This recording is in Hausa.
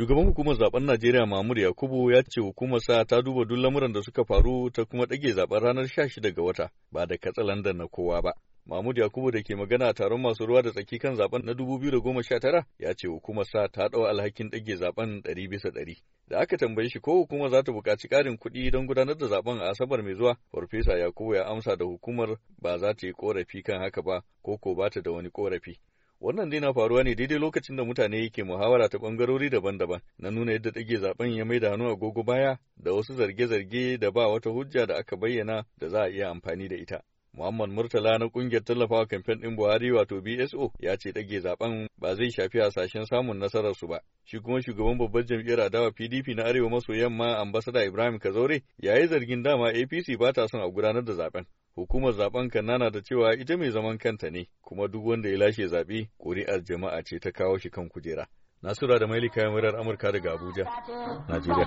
Shugaban hukumar zaben Najeriya Mahmud Yakubu ya ce hukumar sa ta duba duk lamuran da suka faru ta kuma ɗage zaben ranar sha 16 ga wata ba da katsalandan na kowa ba. Mahmud Yakubu da ke magana a taron masu ruwa da tsaki kan zaben na da goma sha tara ya ce hukumar sa ta ɗau alhakin ɗage zaben 100 bisa 100. Da aka tambaye shi ko hukumar za ta buƙaci ƙarin kuɗi don gudanar da zaben a Asabar mai zuwa, Farfesa Yakubu ya amsa da hukumar ba za ta yi ƙorafi kan haka ba ko ko ba ta da wani ƙorafi. Wannan dai na faruwa ne daidai lokacin da mutane ke muhawara ta bangarori daban-daban na nuna yadda ɗage zaben ya maida hannu agogo baya da wasu zarge-zarge da ba wata hujja da aka bayyana da za a iya amfani da ita. Muhammad Murtala na kungiyar tallafawa kamfen ɗin Buhari wato BSO ya ce ɗage zaben ba zai shafi hasashen samun nasararsu ba. Shi kuma shugaban babbar jam'iyyar adawa PDP na Arewa maso yamma ambasada Ibrahim Kazaure ya yi zargin dama APC ba ta son a gudanar da zaben. Hukumar zaben Kannana da cewa ita mai zaman kanta ne, kuma duk wanda ya lashe zaɓe, ƙuri'ar jama'a ce ta kawo shi kan kujera. Nasura da Mailika Yamirar Amurka daga Abuja, Najeriya.